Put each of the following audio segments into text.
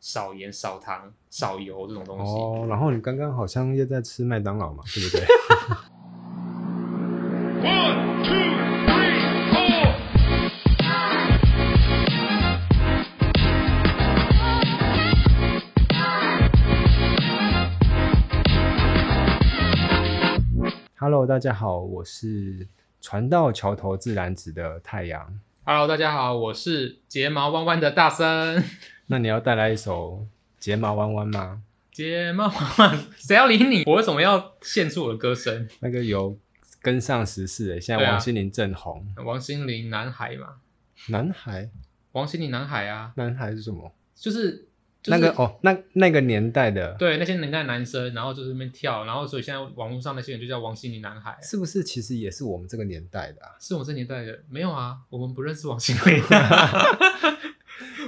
少鹽、少糖、少油這種東西。哦、oh，然後你剛剛好像又在吃麥當勞嘛，對不對 ？One two three four five. Hello，大家好，我是船到橋頭自然直的太陽。Hello，大家好，我是睫毛彎彎的大森那你要帶來一首《睫毛彎彎》嗎？睫毛彎彎，誰要理你？我為什麼要獻出我的歌聲？那個有跟上時事誒，現在王心凌正紅。啊、王心凌男孩嘛？男孩？王心凌男孩啊？男孩是什麼？就是、就是、那個哦，那那個年代的。對，那些年代男生，然後就是那邊跳，然後所以現在網絡上那些人就叫王心凌男孩，是不是？其實也是我們這個年代的、啊，是我們這年代的？沒有啊，我們不認識王心凌。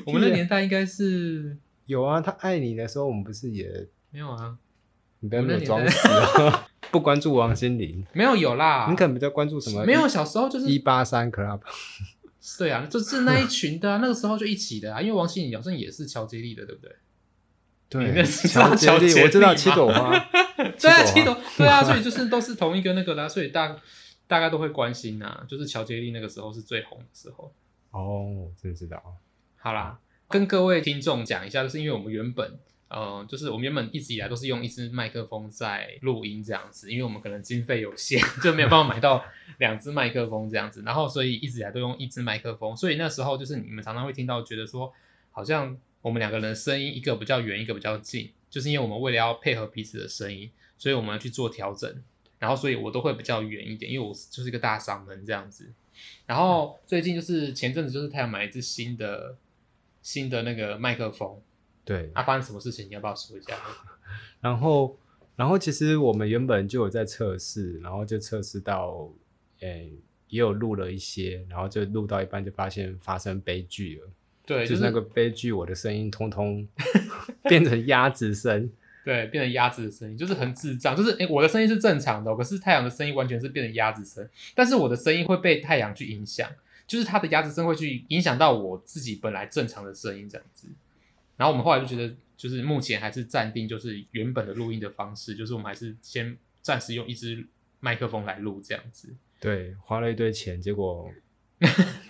我們那年代應該是啊，有啊，他愛你的時候，我們不是也沒有啊。你不要沒有裝死啊！ 不關注王心凌，沒有有啦。你可能比較關注什麼？沒有，小時候就是一八三 club。 對啊，就是那一群的啊， 那個時候就一起的啊，因為王心凌好像也是喬傑立的，對不對？對，是知是喬傑立， 我知道七朵， 七朵花，對啊，七朵， 對啊，所以就是都是同一個那個啦、啊，所以大大家都會關心啊，就是喬傑立那個時候是最紅的時候。哦、oh，真的知道好啦，跟各位聽眾講一下，就是因為我們原本，呃，就是我們原本一直以來都是用一支麥克風在錄音這樣子，因為我們可能經費有限，就沒有辦法買到兩支麥克風這樣子， 然後所以一直以來都用一支麥克風，所以那時候就是你們常常會聽到，覺得說好像我們兩個人的聲音一個比較遠，一個比較近，就是因為我們為了要配合彼此的聲音，所以我們要去做調整，然後所以我都會比較遠一點，因為我就是一個大嗓門這樣子，然後最近就是前陣子就是他要買一支新的。新的那個麥克風，對，它發生什麼事情？你要不要說一下？ 然後，然後其實我們原本就有在測試，然後就測試到，誒、欸，也有錄了一些，然後就錄到一半就發現發生悲劇了。對，就是、就是、那個悲劇，我的聲音通通 變成鴨子聲， 對，變成鴨子的聲音，就是很智障，就是誒、欸，我的聲音是正常的，喔，可是太陽的聲音完全是變成鴨子聲，但是我的聲音會被太陽去影響。就是它的鴨子聲會去影響到我自己本來正常的聲音這樣子，然後我們後來就覺得，就是目前還是暫定，就是原本的錄音的方式，就是我們還是先暫時用一支麥克風來錄這樣子。對，花了一堆錢，結果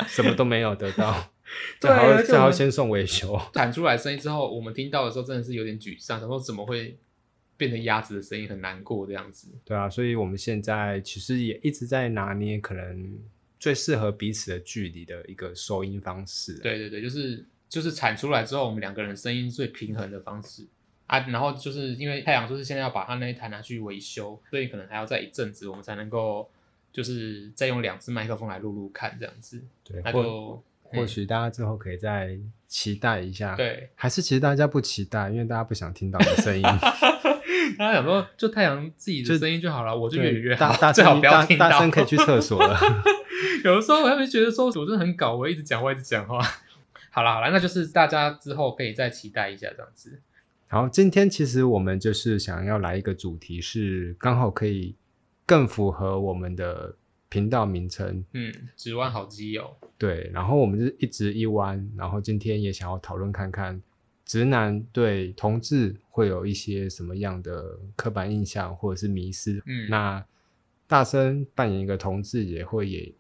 什麼都沒有得到，還要還要先送維修。彈出來聲音之後，我們聽到的時候真的是有點沮喪，然後怎麼會變成鴨子的聲音，很難過這樣子。對啊，所以我們現在其實也一直在拿捏可能最適合彼此的距離的一個收音方式啊。對對對，就是就是產出來之後，我們兩個人聲音最平衡的方式啊。然後就是因為太陽就是現在要把他那一台拿去維修，所以可能還要再一陣子，我們才能夠就是再用兩隻麥克風來錄錄看這樣子。對，那就或、嗯、或許大家之後可以再期待一下。對，還是其實大家不期待，因為大家不想聽到的聲音。 大家想說，就太陽自己的聲音就好了，我就遠遠越好，大家最好不要聽到。大聲可以去廁所了。 有的時候我還沒覺得說，我真的很搞，我一直講話，一直講話。好了好了，那就是大家之後可以再期待一下這樣子。好，今天其實我們就是想要來一個主題，是剛好可以更符合我們的頻道名稱。嗯，直彎好基友。對，然後我們就是一直一彎，然後今天也想要討論看看，直男對同志會有一些什麼樣的刻板印象或者是迷思。嗯，那大森扮演一個同志也會也。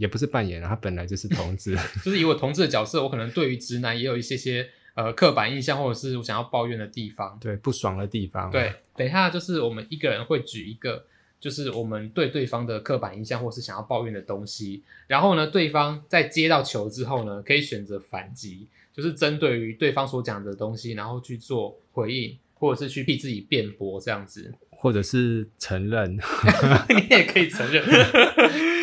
也不是扮演，啊、他本來就是同志， 就是以我同志的角色，我可能對於直男也有一些些呃刻板印象，或者是我想要抱怨的地方，對，不爽的地方，啊。對，等一下就是我們一個人會舉一個，就是我們對對方的刻板印象，或者是想要抱怨的東西，然後呢，對方在接到球之後呢，可以選擇反擊，就是針對於對方所講的東西，然後去做回應，或者是去替自己辯駁這樣子，或者是承認， 你也可以承認。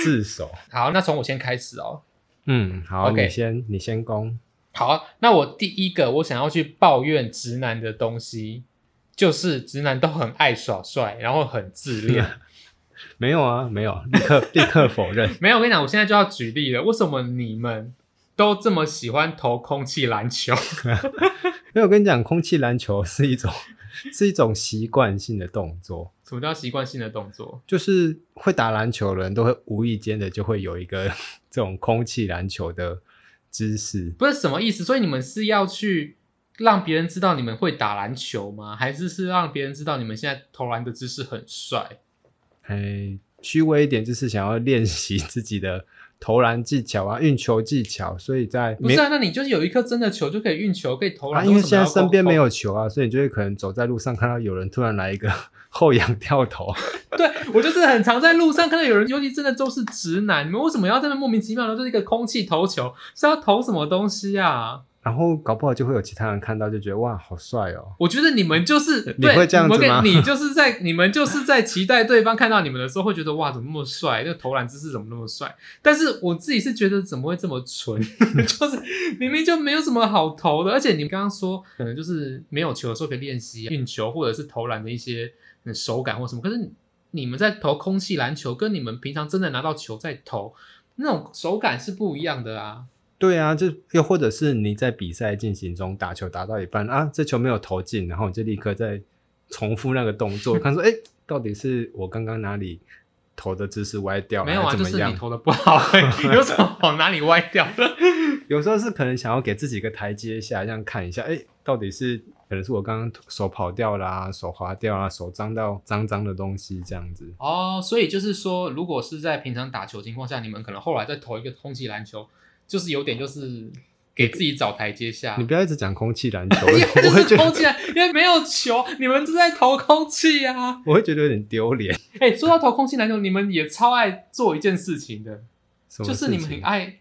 自首。好，那從我先開始哦、喔。嗯，好，Okay, 你先，你先攻。好，那我第一個我想要去抱怨直男的東西，就是直男都很愛耍帥，然後很自戀。 沒有啊，沒有，立刻立刻否認。 沒有，我跟你講，我現在就要舉例了。為什麼你們都這麼喜歡投空氣籃球？ 沒有，我跟你講，空氣籃球是一種。是一種習慣性的動作。什麼叫習慣性的動作？就是會打籃球的人都會無意間的就會有一個這種空氣籃球的姿勢。不是什麼意思？所以你們是要去讓別人知道你們會打籃球嗎？還是是讓別人知道你們現在投籃的姿勢很帥？哎，虛偽一點，就是想要練習自己的。投籃技巧啊，運球技巧，所以在不是啊，那你就是有一顆真的球就可以運球，可以投籃。啊，因為現在身邊沒有球啊，所以你就會可能走在路上看到有人突然來一個後仰跳投。 對，我就是很常在路上看到有人，尤其真的都是直男，你們為什麼要在那莫名其妙的，就是一個空氣投球？是要投什麼東西啊？然後搞不好就會有其他人看到，就覺得哇，好帥哦！我覺得你們就是對，你會這樣子嗎？你就是在你們就是在期待對方看到你們的時候，會覺得哇，怎麼那麼帥？那個投籃姿勢怎麼那麼帥？但是我自己是覺得怎麼會這麼純？ 就是明明就沒有什麼好投的，而且你們剛剛說 可能就是沒有球的時候可以練習、啊、運球，或者是投籃的一些手感或什麼。可是你們在投空氣籃球，跟你們平常真的拿到球在投，那種手感是不一樣的啊。對啊，就又或者是你在比賽進行中打球打到一半啊，這球沒有投進，然後你就立刻再重複那個動作，看說哎、欸，到底是我剛剛哪裡投的姿勢歪掉了 怎麼樣？沒有啊，就是你投的不好、欸， 有什麼往哪裡歪掉了？ 有時候是可能想要給自己一個台階下，這樣看一下，哎、欸，到底是可能是我剛剛手跑掉啦、啊，手滑掉啊，手髒到髒髒的東西這樣子。哦、oh，所以就是說，如果是在平常打球的情況下，你們可能後來再投一個空氣籃球。就是有點就是給自己找台階下、欸，你不要一直講空氣籃球， 因為就是空氣，因為沒有球，你們就在投空氣啊。我會覺得有點丟臉。哎、欸，說到投空氣籃球，你們也超愛做一件事情的，情就是你們很愛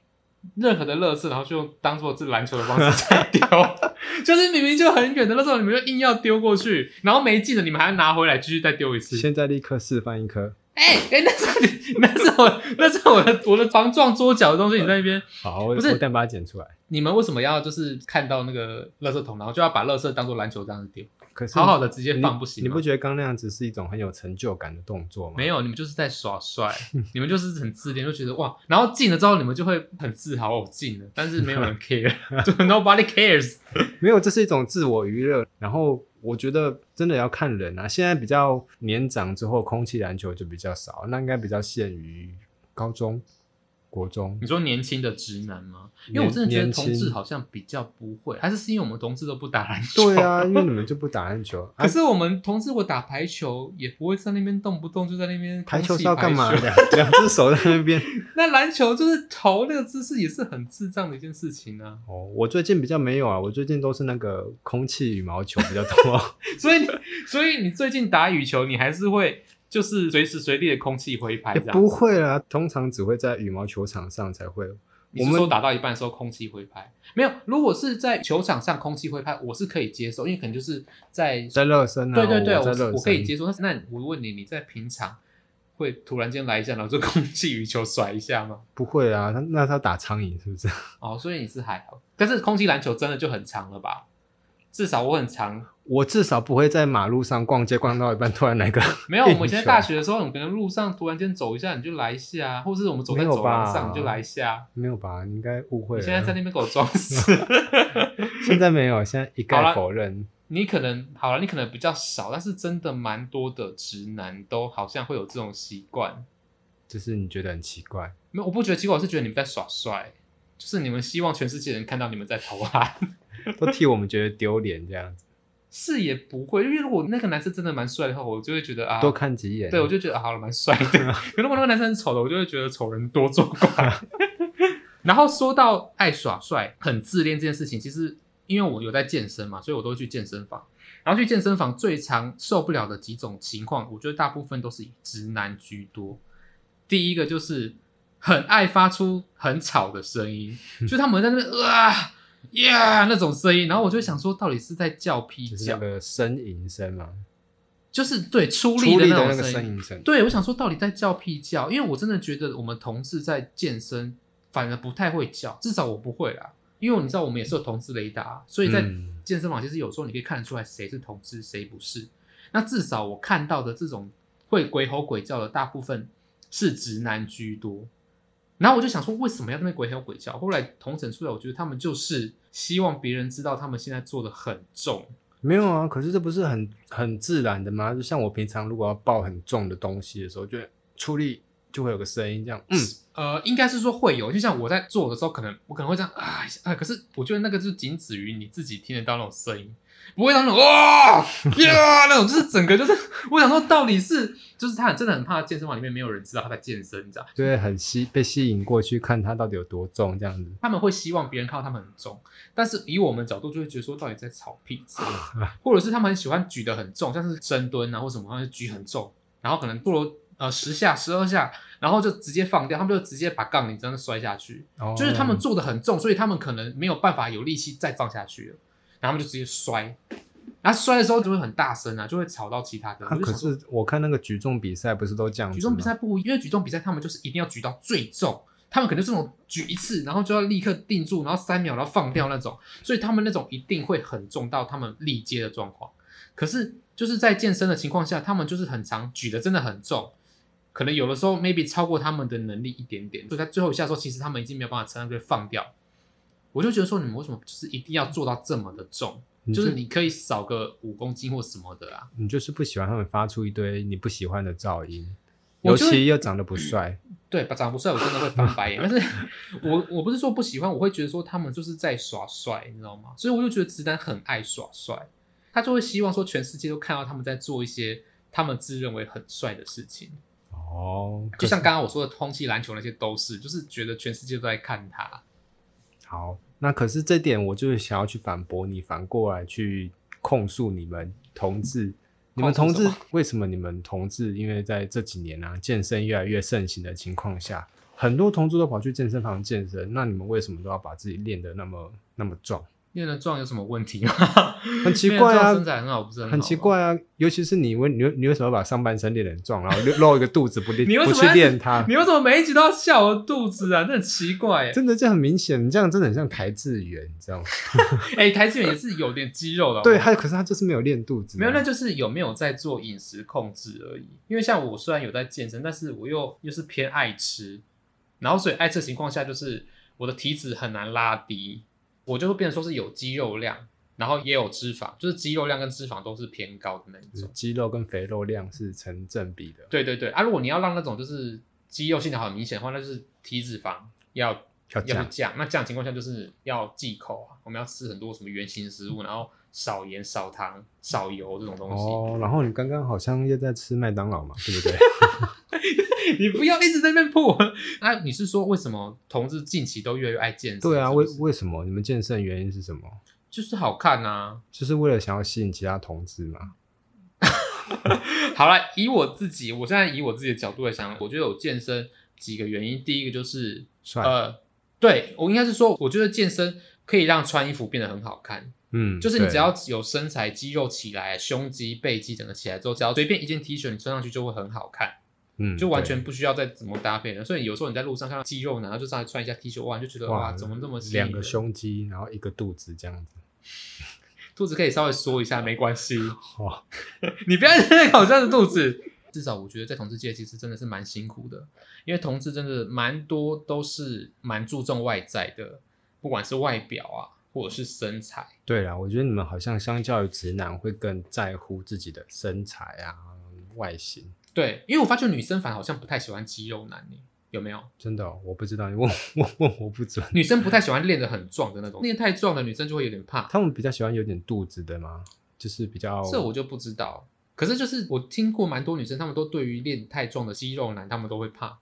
任何的樂色，然後就當做這籃球的方式在丟， 就是明明就很遠的樂色，你們就硬要丟過去，然後沒進了你們還要拿回來繼續再丟一次。現在立刻示範一顆。哎、 欸，哎、欸，那是你，那是我，那是我的，我的防撞桌角的東西，你在那邊 好，不是，我先把它剪出來。你們為什麼要就是看到那個垃圾桶，然後就要把垃圾當做籃球這樣子丟？可是好好的直接放不行你？你不覺得剛那樣子是一種很有成就感的動作嗎？沒有，你們就是在耍帥， 你們就是很自戀，就覺得哇，然後進了之後你們就會很自豪，我進了，但是沒有人 care，就 nobody cares， 沒有，這是一種自我娛樂，然後。我覺得真的要看人啊，現在比較年長之後，空氣籃球就比較少，那應該比較限於高中，國中，你說年輕的直男嗎？因為我真的覺得同志好像比較不會，還是是因為我們同志都不打籃球？對啊，因為你們就不打籃球。 可是我們同志，我打排球也不會在那邊動不動就在那邊。排球是要幹嘛的啊？兩 隻手在那邊。 那籃球就是投那個姿勢也是很智障的一件事情啊。哦，我最近比較沒有啊，我最近都是那個空氣羽毛球比較多。 所以，所以你最近打羽球，你還是會。就是隨時隨地的空氣揮拍。欸,不會啊，通常只會在羽毛球場上才會。我們說打到一半的時候空氣揮拍，沒有。如果是在球場上空氣揮拍，我是可以接受，因為可能就是在在熱身啊，對對對，我，我，我可以接受。那那我問你，你在平常會突然間來一下，然後就空氣羽球甩一下嗎？不會啊，那那他打蒼蠅是不是？哦，所以你是還好，但是空氣籃球真的就很長了吧？至少我很長，我至少不會在馬路上逛街逛到一半突然來個。沒有，我們現在大學的時候，我們可能路上突然間走一下，你就來一下，或者我們走在走廊上，你就來一下。沒有吧？你應該誤會了。現在在那邊給我裝死。 現在沒有，現在一概否認。你可能好了，你可能比較少，但是真的蠻多的直男都好像會有這種習慣，就是你覺得很奇怪。沒有，我不覺得奇怪，我是覺得你們在耍帥，就是你們希望全世界人看到你們在偷汗。 都替我們覺得丟臉這樣子，是也不會，因為如果那個男生真的蠻帥的話，我就會覺得啊，多看幾眼、啊，對我就覺得、啊、好了，蠻帥的。 對如果那個男生很醜的，我就會覺得醜人多作怪。 然後說到愛耍帥、很自戀這件事情，其實因為我有在健身嘛，所以我都會去健身房。然後去健身房最常受不了的幾種情況，我覺得大部分都是以直男居多。第一個就是很愛發出很吵的聲音、嗯，就他們在那哇。啊。呀、yeah, 那種聲音，然後我就想說，到底是在叫屁叫？就是那個呻吟聲嘛，就是對出力的那種呻吟聲。對，我想說，到底在叫屁叫，嗯？因為我真的覺得我們同志在健身反而不太會叫，至少我不會啦。因為你知道，我們也是有同志雷達，所以在健身房，其實有時候你可以看得出來誰是同志誰不是。那至少我看到的這種會鬼吼鬼叫的，大部分是直男居多。然後我就想說，為什麼要跟那鬼吼鬼叫？後來同城出來，我覺得他們就是希望別人知道他們現在做得很重。沒有啊，可是這不是很很自然的嗎？就像我平常如果要抱很重的東西的時候，就得出力就會有個聲音，這樣嗯。呃，應該是說會有，就像我在做的時候，可能我可能會這樣，啊，可是我覺得那個就僅止於你自己聽得到那種聲音，不會那種哇呀那種， yeah, 那種就是整個就是，我想說到底是就是他真的很怕健身房裡面沒有人知道他在健身，這樣就對，很吸被吸引過去看他到底有多重這樣子，他們會希望別人看到他們很重，但是以我們的角度就會覺得說到底在炒屁，知道嗎？或者是他們很喜歡舉得很重，像是深蹲啊或什麼，舉很重，然後可能做。呃，十下、十二下，然後就直接放掉，他們就直接把槓鈴真的摔下去。哦，就是他們做的很重，所以他們可能沒有辦法有力氣再放下去了，然後他們就直接摔，然後摔的時候就會很大聲啊，就會吵到其他的、啊。可是我看那個舉重比賽不是都這樣子嗎？舉重比賽不，因為舉重比賽他們就是一定要舉到最重，他們可能這種舉一次，然後就要立刻定住，然後三秒然後放掉那種，嗯，所以他們那種一定會很重到他們力竭的狀況。可是就是在健身的情況下，他們就是很常舉的，真的很重。可能有的時候，maybe 超過他們的能力一點點，就在最後一下說，其實他們已經沒有辦法承擔，就放掉。我就覺得說，你們為什麼就是一定要做到這麼的重？就是、就是你可以少個五公斤或什麼的啊。你就是不喜歡他們發出一堆你不喜歡的噪音，尤其又長得不帥。對，長得不帥我真的會翻白眼。 但是我我不是說不喜歡，我會覺得說他們就是在耍帥，你知道嗎？所以我就覺得直男很愛耍帥，他就會希望說全世界都看到他們在做一些他們自認為很帥的事情。哦、oh，就像剛剛我說的，空氣籃球那些都是，是，就是覺得全世界都在看他。好，那可是這點，我就想要去反駁你，反過來去控訴你們同志。你們同志為什麼你們同志？因為在這幾年啊，健身越來越盛行的情況下，很多同志都跑去健身房健身，那你們為什麼都要把自己練得那麼那麼壯？練的壯有什麼問題嗎？很奇怪啊，身材很好，不是很，很奇怪啊。尤其是你為你你為什麼把上半身練的壯，然後露露一個肚子不練 你為什麼不去練它？你為什麼每一集都要笑我肚子啊？真的奇怪，真的這很明顯，你這樣真的很像邰智源這樣。哎、 欸，邰智源也是有點肌肉的好好， 對，他可是他就是沒有練肚子，啊，沒有，那就是有沒有在做飲食控制而已。因為像我雖然有在健身，但是我又又是偏愛吃，然後所以愛吃的情況下，就是我的體脂很難拉低。我就會變成說是有肌肉量，然後也有脂肪，就是肌肉量跟脂肪都是偏高的那一種。就是、肌肉跟肥肉量是成正比的。對對對啊！如果你要讓那種就是肌肉線條很明顯的話，那就是體脂肪要要降。那這樣情況下就是要忌口啊，我們要吃很多什麼原型食物、嗯，然後少鹽、少糖、少油這種東西。哦，然後你剛剛好像又在吃麥當勞嘛，對不對？ 你不要一直在那邊破。那、 啊、你是說為什麼同志近期都越來越愛健身？對啊，為為什麼你們健身的原因是什麼？就是好看啊。就是為了想要吸引其他同志嘛。 好了，以我自己，我現在以我自己的角度來想，我覺得有健身幾個原因。第一個就是，帥，呃，對，我應該是說，我覺得健身可以讓穿衣服變得很好看。嗯，就是你只要有身材、肌肉起來、胸肌、背肌整個起來之後，只要隨便一件 T 恤你穿上去就會很好看。嗯，就完全不需要再怎麼搭配了。所以有時候你在路上看到肌肉男，然後就上來穿一下 T 恤，哇，就覺得哇，哇，怎麼這麼兩個胸肌，然後一個肚子這樣子， 肚子可以稍微縮一下，沒關係。 你不要現在搞這樣的肚子。至少我覺得在同志界其實真的是蠻辛苦的，因為同志真的蠻多都是蠻注重外在的，不管是外表啊，或者是身材。對啊，我覺得你們好像相較於直男會更在乎自己的身材啊外形。對，因為我發覺女生反而好像不太喜歡肌肉男，你有沒有？真的哦，我不知道，你問問問我不準。女生不太喜歡練得很壯的那種， 練太壯的女生就會有點怕。他們比較喜歡有點肚子的嘛，就是比較……這我就不知道。可是就是我聽過蠻多女生，他們都對於練太壯的肌肉男，他們都會怕。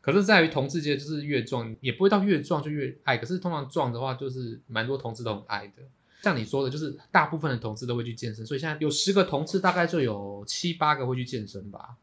可是在於同志界，就是越壯也不會到越壯就越愛。可是通常壯的話，就是蠻多同志都很愛的。像你說的，就是大部分的同志都會去健身，所以現在有十個同志，大概就有七八個會去健身吧。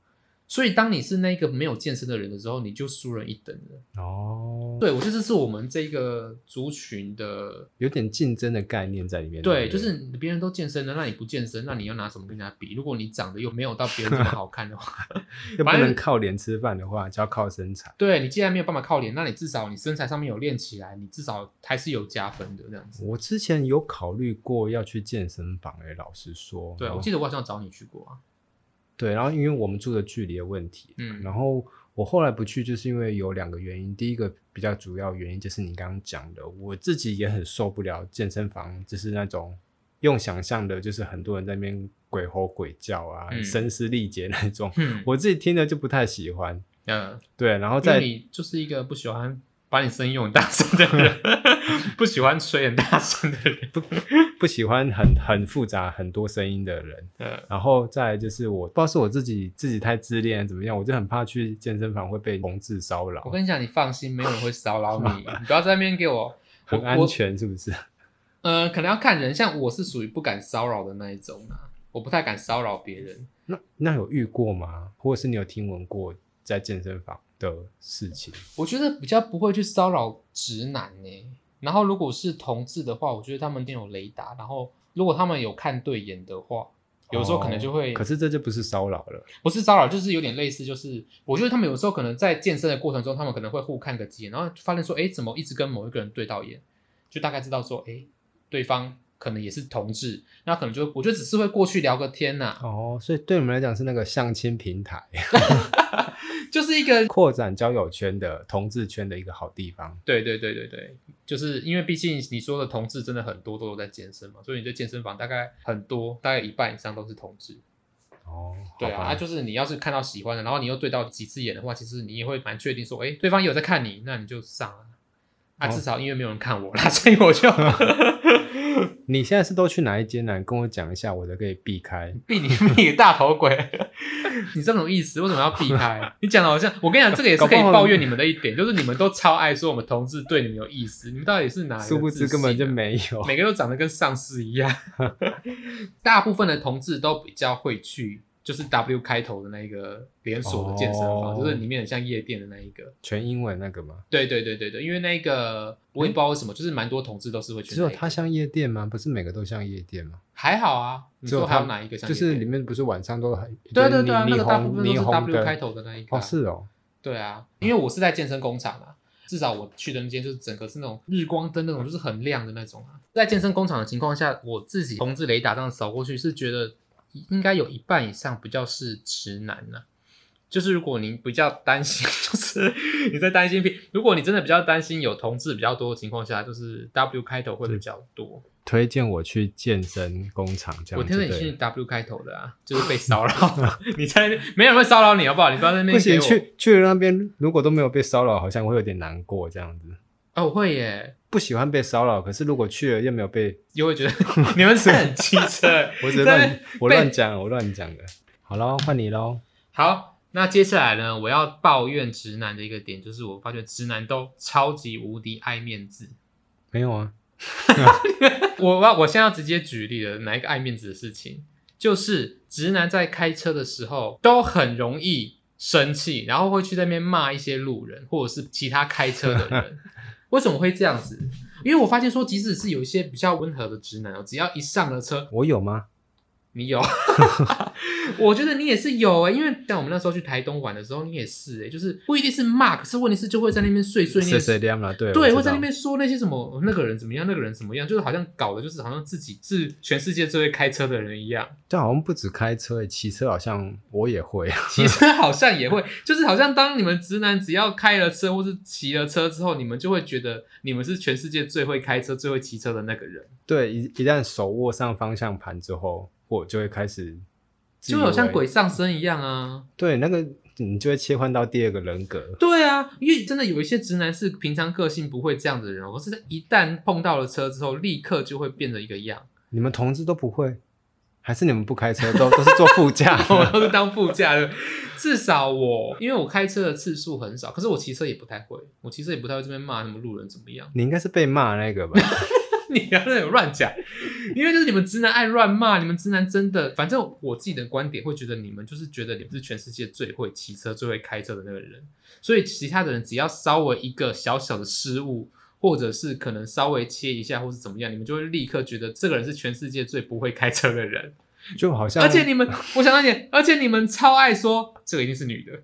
所以，當你是那個沒有健身的人的時候，你就輸人一等了。哦、oh,，對，我覺得這是我們這個族群的有點競爭的概念在裡面對對。對，就是別人都健身了，那你不健身，那你要拿什麼跟人家比？如果你長得又沒有到別人這麼好看的話， 又不能靠臉吃飯的話，就要靠身材。 對，你既然沒有辦法靠臉，那你至少你身材上面有練起來，你至少還是有加分的這樣子。我之前有考慮過要去健身房、欸，哎，老實說，對，我記得我好像找你去過啊。對，然後因為我們住的距離的問題，嗯，然後我後來不去，就是因為有兩個原因。第一個比較主要原因就是你剛剛講的，我自己也很受不了健身房就是那種用想象的，就是很多人在那邊鬼吼鬼叫啊，嗯、聲嘶力竭那種，嗯、我自己聽的就不太喜歡。嗯，對，然後再你就是一個不喜歡把你聲音用很大聲這樣的人， 不喜歡吹很大聲的人。不喜歡很很複雜、很多聲音的人。嗯，然後再來就是我不知道是我自己自己太自戀怎麼樣，我就很怕去健身房會被同志騷擾。我跟你講，你放心，沒有人會騷擾你， 你不要在那邊給我 很安全，是不是？嗯、呃，可能要看人，像我是屬於不敢騷擾的那一種 我不太敢騷擾別人。那那有遇過嗎？或者是你有聽聞過在健身房的事情？我覺得比較不會去騷擾直男呢、欸。然後如果是同志的話，我覺得他們一定有雷達，然後如果他們有看對眼的話，有時候可能就會。哦、可是這就不是騷擾了。不是騷擾，就是有點類似，就是我覺得他們有時候可能在健身的過程中，他們可能會互看個幾眼，然後發現說，哎，怎麼一直跟某一個人對到眼，就大概知道說，哎，對方可能也是同志，那可能就我覺得只是會過去聊個天吶、啊。哦，所以對你們來講是那個相親平台。 就是一個擴展交友圈的同志圈的一個好地方。對對對對對，就是因為畢竟你說的同志真的很多都有在健身嘛，所以你在健身房大概很多，大概一半以上都是同志。哦，對啊，啊就是你要是看到喜歡的，然後你又對到幾次眼的話，其實你也會蠻確定說，哎，對方有在看你，那你就上了、啊。啊，至少因為沒有人看我啦、哦、所以我就。 你現在是都去哪一間呢？你跟我講一下，我就可以避開。避你避，你大頭鬼！ 你這種意思，為什麼要避開、啊？ 你講的好像……我跟你講，這個、也是可以抱怨你們的一點，就是你們都超愛說我們同志對你們有意思。 你們到底是哪？一個？殊不知根本就沒有，每個都長得跟上司一樣。 大部分的同志都比較會去。就是 W 開頭的那一個連鎖的健身房、哦，就是裡面很像夜店的那一個，全英文那個嗎？對對對對對，因為那個我也不知道為什麼，欸、就是蠻多同志都是會去。只有它像夜店嗎？不是每個都像夜店嗎？還好啊，你說還有哪一個像夜店？像就是裡面不是晚上都還。對對對，對啊，那個大部分都是 W 開頭的那一個，啊。哦，是哦。對啊，因為我是在健身工廠啊、嗯，至少我去的那間就是整個是那種日光燈那種，就是很亮的那種啊。在健身工廠的情況下，我自己同志雷達這樣掃過去是覺得。應該有一半以上比較是直男呢，就是如果您比較擔心，就是你在擔心，如果你真的比較擔心有同志比較多的情況下，就是 W 開頭會比較多，推薦我去健身工廠這樣子。我聽說你是 W 開頭的啊，就，就是被騷擾了。 你在那邊，沒有人會騷擾你好不好？你不要在那邊。不行，去去了那邊，如果都沒有被騷擾，好像我會有點難過這樣子。哦，我會耶，不喜歡被騷擾。可是如果去了又沒有被，又會覺得 你們是很機車。 我是得我亂講，我亂講的。好嘍，換你嘍。好，那接下來呢？我要抱怨直男的一個點，就是我發覺直男都超級無敵愛面子。沒有啊，嗯、 我我我現在要直接舉例了，哪一個愛面子的事情？就是直男在開車的時候都很容易生氣，然後會去那邊罵一些路人或者是其他開車的人。 為什麼會這樣子？因為我發現說，即使是有一些比較溫和的直男，只要一上了車，我有嗎？你有， 我覺得你也是有哎、欸，因為像我們那時候去台東玩的時候，你也是、欸，就是不一定是罵，可是問題是就會在那邊碎碎念，碎碎念了，對，對，會在那邊說那些什麼那個人怎麼樣，那個人怎麼樣，就是好像搞的就是好像自己是全世界最會開車的人一樣。但好像不止開車、欸，哎，騎車好像我也會，騎 車好像也會，就是好像當你們直男只要開了車或是騎了車之後，你們就會覺得你們是全世界最會開車、最會騎車的那個人。對，一一旦手握上方向盤之後。我就會開始會，就好像鬼上身一樣啊！對，那個你就會切換到第二個人格。對啊，因為真的有一些直男是平常個性不會這樣的人，我是一旦碰到了車之後，立刻就會變得一個樣。你們同志都不會，還是你們不開車都都是坐副駕，我、 哦、都是當副駕的。 至少我，因為我開車的次數很少，可是我騎車也不太會，我騎車也不太會這邊罵什麼路人怎麼樣。你應該是被罵那個吧？ 你不要在那亂講，因為就是你們直男愛亂罵，你們直男真的，反正我自己的觀點會覺得，你們就是覺得你們是全世界最會騎車、最會開車的那個人，所以其他的人只要稍微一個小小的失誤，或者是可能稍微切一下，或是怎麼樣，你們就會立刻覺得這個人是全世界最不會開車的人，就好像。而且你們， 我想到你，而且你們超愛說這個一定是女的，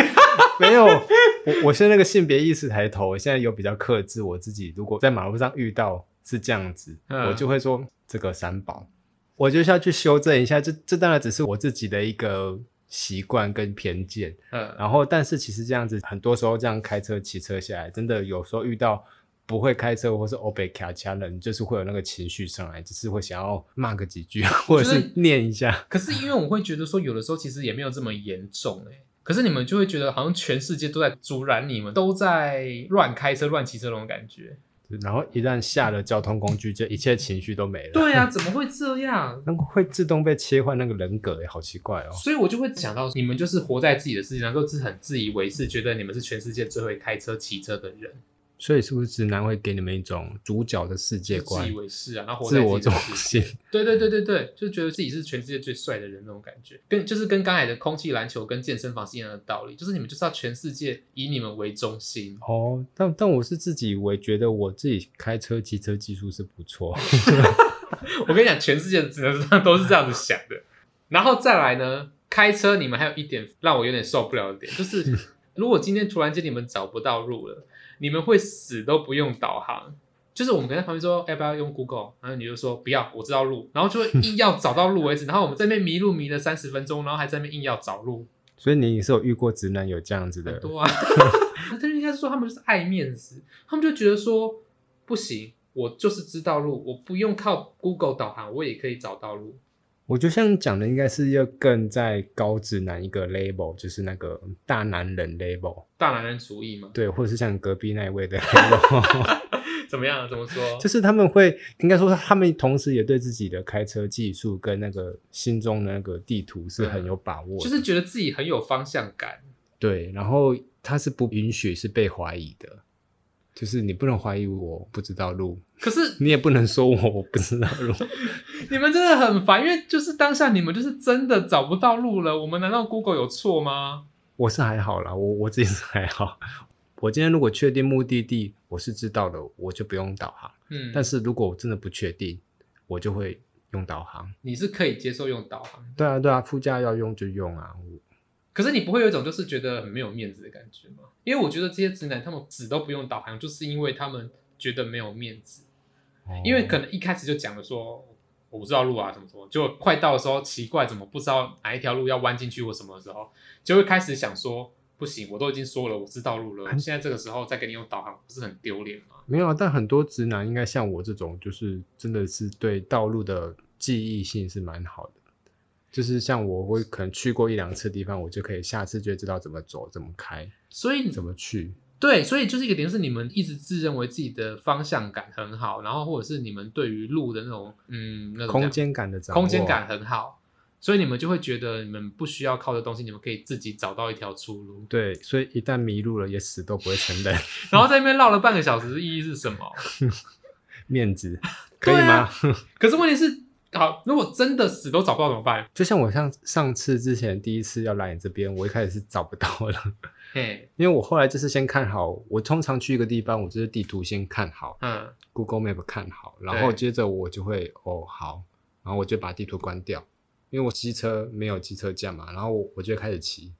沒有，我我現在那個性別意識抬頭，我現在有比較克制我自己，如果在馬路上遇到。是這樣子、嗯，我就會說這個三寶，我就是要去修正一下。這這當然只是我自己的一個習慣跟偏見。嗯，然後但是其實這樣子，很多時候這樣開車騎車下來，真的有時候遇到不會開車或是歐北卡槍的人，就是會有那個情緒上來，只是會想要罵個幾句，就是，或者是念一下。可是因為我會覺得說，有的時候其實也沒有這麼嚴重哎，欸。 可是你們就會覺得好像全世界都在阻攔你們，都在亂開車、亂騎車那種感覺。然後一旦下了交通工具，就一切情緒都沒了。對啊，怎麼會這樣？那會自動被切換那個人格，哎，好奇怪哦。所以我就會想到，你們就是活在自己的世界上，都、就是很自以為是，覺得你們是全世界最會開車、騎車的人。所以是不是直男會給你們一種主角的世界觀？自以為是啊，然後活在自己的世界。自我中心。對對對對對，就覺得自己是全世界最帥的人那種感覺。跟就是跟剛才的空氣籃球跟健身房是一樣的道理，就是你們就是要全世界以你們為中心。哦，但但我是自己，我覺得我自己開車騎車技術是不錯。 我跟你講，全世界直男都是這樣子想的。 然後再來呢，開車你們還有一點讓我有點受不了的點，就是如果今天突然間你們找不到路了。你們會死都不用導航，就是我們跟他旁邊說要、欸、不要用 Google，然後你就說不要，我知道路，然後就會硬要找到路為止。 然後我們在那邊迷路迷了三十分鐘，然後還在那邊硬要找路。所以你也是有遇過直男有這樣子的人？哎、對啊，他就應該是說他們就是愛面子，他們就覺得說不行，我就是知道路，我不用靠 Google 導航，我也可以找到路。我就像你講的，應該是要更在高直男一個 label，就是那個大男人 label，大男人主義嘛，對，或者是像隔壁那一位的 label， 怎麼樣、啊？怎麼說？就是他們會應該說，他們同時也對自己的開車技術跟那個心中的那個地圖是很有把握、嗯，就是覺得自己很有方向感。對，然後他是不允許是被懷疑的。就是你不能懷疑我不知道路，可是你也不能說我我不知道路。 你們真的很煩，因為就是當下你們就是真的找不到路了。我們難道 Google 有錯嗎？我是還好啦，我我自己是還好。我今天如果確定目的地，我是知道的，我就不用導航。嗯，但是如果我真的不確定，我就會用導航。你是可以接受用導航？對啊對啊，副駕要用就用啊我。可是你不會有一種就是覺得很沒有面子的感覺嗎？因為我覺得這些直男他們死都不用導航，就是因為他們覺得沒有面子。哦、因為可能一開始就講了說我不知道路啊，怎麼說，就快到的時候奇怪怎麼不知道哪一條路要彎進去或什麼的時候，就會開始想說不行，我都已經說了我知道路了，嗯，現在這個時候再給你用導航不是很丟臉嗎？沒有，啊，但很多直男應該像我這種，就是真的是對道路的記憶性是蠻好的。就是像我，會可能去過一兩次地方，我就可以下次就知道怎麼走，怎麼開。所以你怎麼去？對，所以就是一個點是你們一直自認為自己的方向感很好，然後或者是你們對於路的那種嗯，那種空間感的掌握，空間感很好，所以你們就會覺得你們不需要靠的東西，你們可以自己找到一條出路。對，所以一旦迷路了，也死都不會承認。 然後在那邊繞了半個小時， 意義是什麼？ 面子可以嗎？啊、 可是問題是。好，如果真的死都找不到怎麼辦？就像我像上次之前第一次要來你這邊，我一開始是找不到了嘿。因為我後來就是先看好，我通常去一個地方，我就是地圖先看好，嗯，Google Map 看好，然後接着我就會哦，好，然後我就把地圖關掉，因為我機車沒有機車架嘛，然後我就開始騎，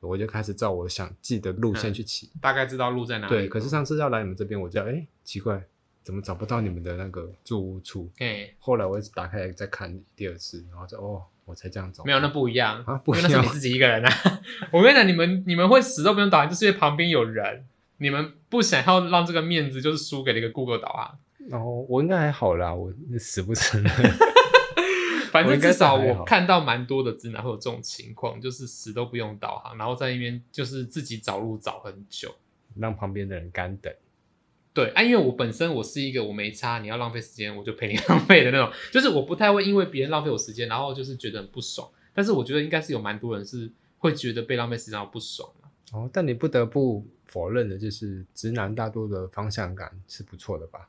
我就開始照我想記的路線去騎，嗯，大概知道路在哪裡對。對、哦，可是上次要來你們這邊，我就覺得哎、欸、奇怪。怎麼找不到你們的那個住屋處？對、okay.，後來我打開再看第二次，然後就哦，我才這樣找。沒有那不一樣啊，不一那是你自己一個人啊。 我跟你講，你們你們會死都不用導航，就是因為旁邊有人，你們不想要讓這個面子就是輸給了一個 Google 導航。哦，我應該還好啦，我死不成了。 反正至少我，我看到蠻多的直男會有這種情況，就是死都不用導航，然後在那邊就是自己找路找很久，讓旁邊的人乾等。對啊，因為我本身我是一個我沒差，你要浪費時間我就陪你浪費的那種，就是我不太會因為別人浪費我時間，然後就是覺得很不爽。但是我覺得應該是有蠻多人是會覺得被浪費時間然後不爽哦，但你不得不否認的就是，直男大多的方向感是不錯的吧？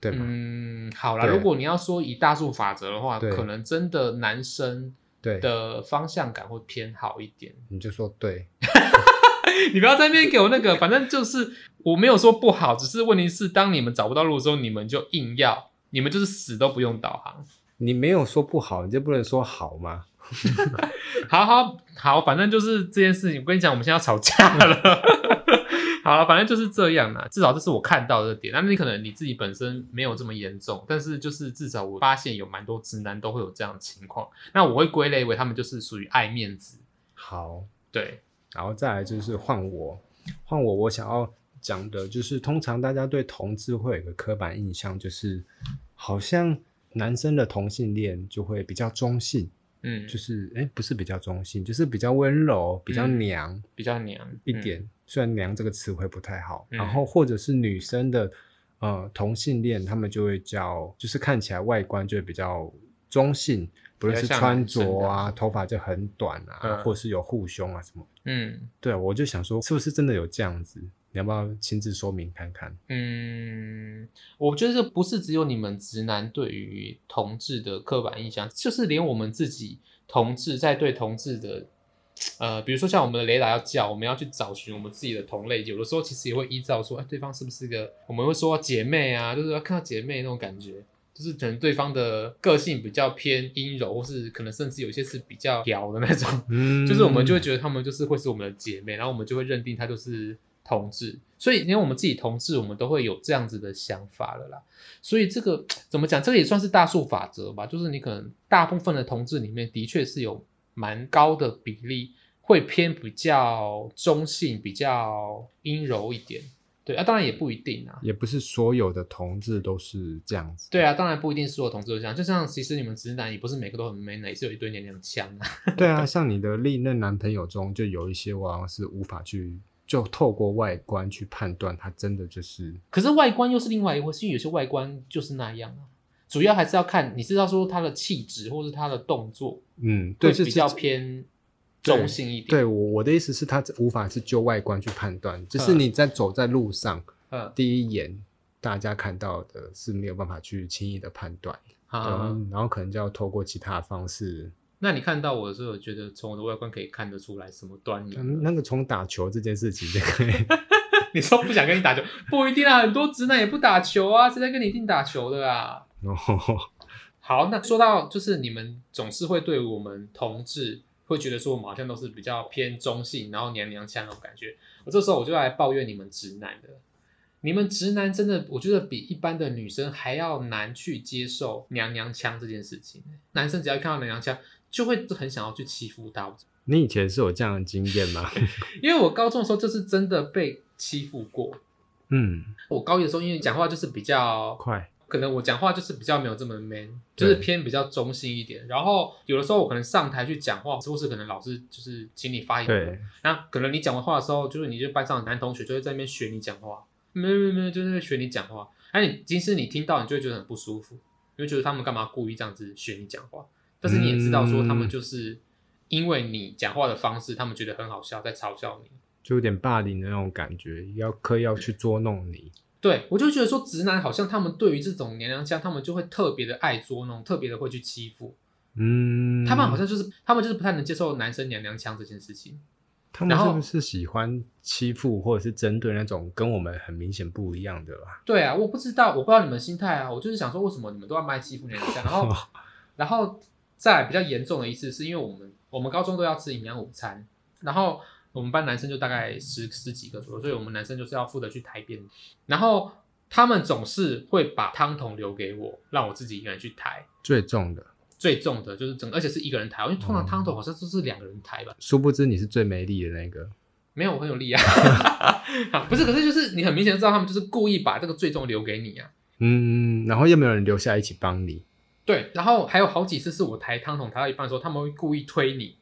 對嗎？嗯，好啦。如果你要說以大數法則的話，可能真的男生對的方向感會偏好一點，你就說對。 你不要在那邊給我那個，反正就是我沒有說不好，只是問題是當你們找不到路的時候，你們就硬要，你們就是死都不用導航。你沒有說不好，你就不能說好嗎？ 好好好，反正就是這件事情，我跟你講，我們現在要吵架了。 好了，反正就是這樣啦。至少這是我看到的點。那你可能你自己本身沒有這麼嚴重，但是就是至少我發現有蠻多直男都會有這樣的情況。那我會歸類為他們就是屬於愛面子。好，對。然後再來就是換我，嗯、換我，我想要講的就是，通常大家對同志會有一個刻板印象，就是好像男生的同性戀就會比較中性，嗯，就是哎、欸，不是比較中性，就是比較溫柔、比較娘、嗯、比較娘一點，雖然“娘”這個詞彙不太好、嗯。然後或者是女生的呃同性戀，他們就會叫，就是看起來外觀就會比較中性。不論是穿着啊，頭髮就很短啊，嗯、或是有護胸啊什麼，嗯，對，我就想說，是不是真的有這樣子？你要不要親自說明看看？嗯，我覺得這不是只有你們直男對於同志的刻板印象，就是連我們自己同志在對同志的，呃，比如說像我們的雷達要叫，我們要去找尋我們自己的同類，有的時候其實也會依照說，哎、欸，對方是不是個，我們會說姐妹啊，就是要看到姐妹那種感覺。就是可能對方的個性比較偏陰柔，或是可能甚至有些是比較嗲的那種。嗯，就是我們就會覺得他們就是會是我們的姐妹，然後我們就會認定他就是同志，所以連我們自己同志，我們都會有這樣子的想法了啦。所以這個怎麼講，這個也算是大數法則吧，就是你可能大部分的同志裡面，的確是有蠻高的比例會偏比較中性、比較陰柔一點。對啊，當然也不一定啊，也不是所有的同志都是這樣子。對啊，當然不一定所有同志都這樣，就像其實你們直男也不是每個都很 man，也是有一堆娘娘腔啊。對啊， 像你的歷任男朋友中，就有一些往往是無法去就透過外觀去判斷他真的就是，可是外觀又是另外一回事，因為有些外觀就是那樣啊，主要還是要看你知道說他的氣質或是他的動作，嗯，對，就是比較偏。重心一點，對，我我的意思是，他無法是就外觀去判斷，就是你在走在路上，第一眼大家看到的是沒有辦法去輕易的判斷，嗯，嗯然後可能就要透過其他的方式。那你看到我的時候，覺得從我的外觀可以看得出來什麼端倪？那個從打球這件事情，就可以 你說不想跟你打球，不一定啊，很多直男也不打球啊，誰在跟你一定打球的啊？哦、oh.，好，那說到就是你們總是會對我們同志。會覺得說我們好像都是比較偏中性，然後娘娘腔那種感覺。我這時候我就來抱怨你們直男的，你們直男真的，我覺得比一般的女生還要難去接受娘娘腔這件事情。男生只要看到娘娘腔，就會很想要去欺負他。你以前是有這樣的經驗嗎？ 因為我高中的時候就是真的被欺負過。嗯，我高一的時候因為講話就是比較快。可能我講話就是比較沒有這麼 man，就是偏比較中性一點。然後有的時候我可能上台去講話，或是可能老師就是請你發言。對。那、啊、可能你講完話的時候，就是你就班上的男同學就會在那邊學你講話，沒沒沒，就是學你講話。哎、啊，你即使你聽到，你就會覺得很不舒服，因為就是他們幹嘛故意這樣子學你講話？但是你也知道說他們就是因為你講話的方式、嗯，他們覺得很好笑，在嘲笑你，就有點霸凌的那種感覺，要刻意要去捉弄你。對，我就覺得說直男好像他們對於這種娘娘腔，他們就會特別的愛捉弄，特別的會去欺負。嗯，他們好像就是他們就是不太能接受男生娘娘腔這件事情。他們是不是喜歡欺負或者是針對那種跟我們很明顯不一樣的啦、啊。對啊，我不知道，我不知道你們心態啊，我就是想說，為什麼你們都要賣欺負娘娘腔、哦？然後，然後再比較嚴重的一次，是因為我們我們高中都要吃營養午餐，然後。我們班男生就大概十十幾個左右，所以我們男生就是要負責去抬便。然後他們總是會把湯桶留給我，讓我自己一個人去抬最重的。最重的就是整個，而且是一個人抬，因為通常湯桶好像都是兩個人抬吧？嗯。殊不知你是最沒力的那個。沒有，我很有力啊， 啊！不是，可是就是你很明顯知道他們就是故意把這個最重留給你啊。嗯，然後又沒有人留下來一起幫你。對，然後還有好幾次是我抬湯桶抬到一半的時候，他們會故意推你。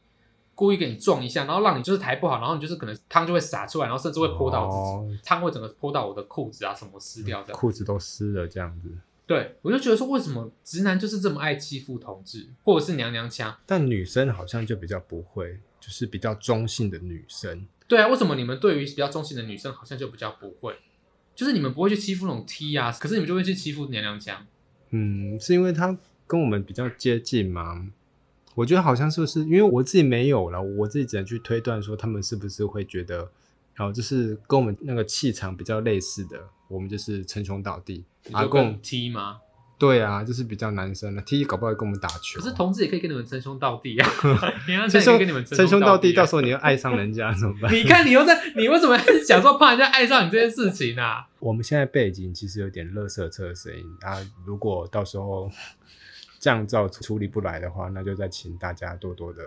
故意給你撞一下，然後讓你就是抬不好，然後你就是可能湯就會灑出來，然後甚至會潑到自己、哦，湯會整個潑到我的褲子啊，什麼濕掉的，褲子都濕了這樣子。對，我就覺得說，為什麼直男就是這麼愛欺負同志，或者是娘娘腔？但女生好像就比較不會，就是比較中性的女生。對啊，為什麼你們對於比較中性的女生好像就比較不會？就是你們不會去欺負那種 T 啊，可是你們就會去欺負娘娘腔？嗯，是因為她跟我們比較接近嘛。我覺得好像是不是，因為我自己沒有啦，我自己只能去推斷說他們是不是會覺得，然、啊、後就是跟我們那個氣場比較類似的，我們就是稱兄道弟。阿貢踢嗎、啊？對啊，就是比較男生的踢，啊 T、搞不好跟我們打球。可是同志也可以跟你們稱兄道弟啊。你說稱兄道弟，到時候你又愛上人家 怎麼辦？你看你又在，你為什麼想說怕人家愛上你這件事情啊？ 我們現在背景其實有點垃圾車的聲音啊，如果到時候。降噪處理不來的話，那就再請大家多多的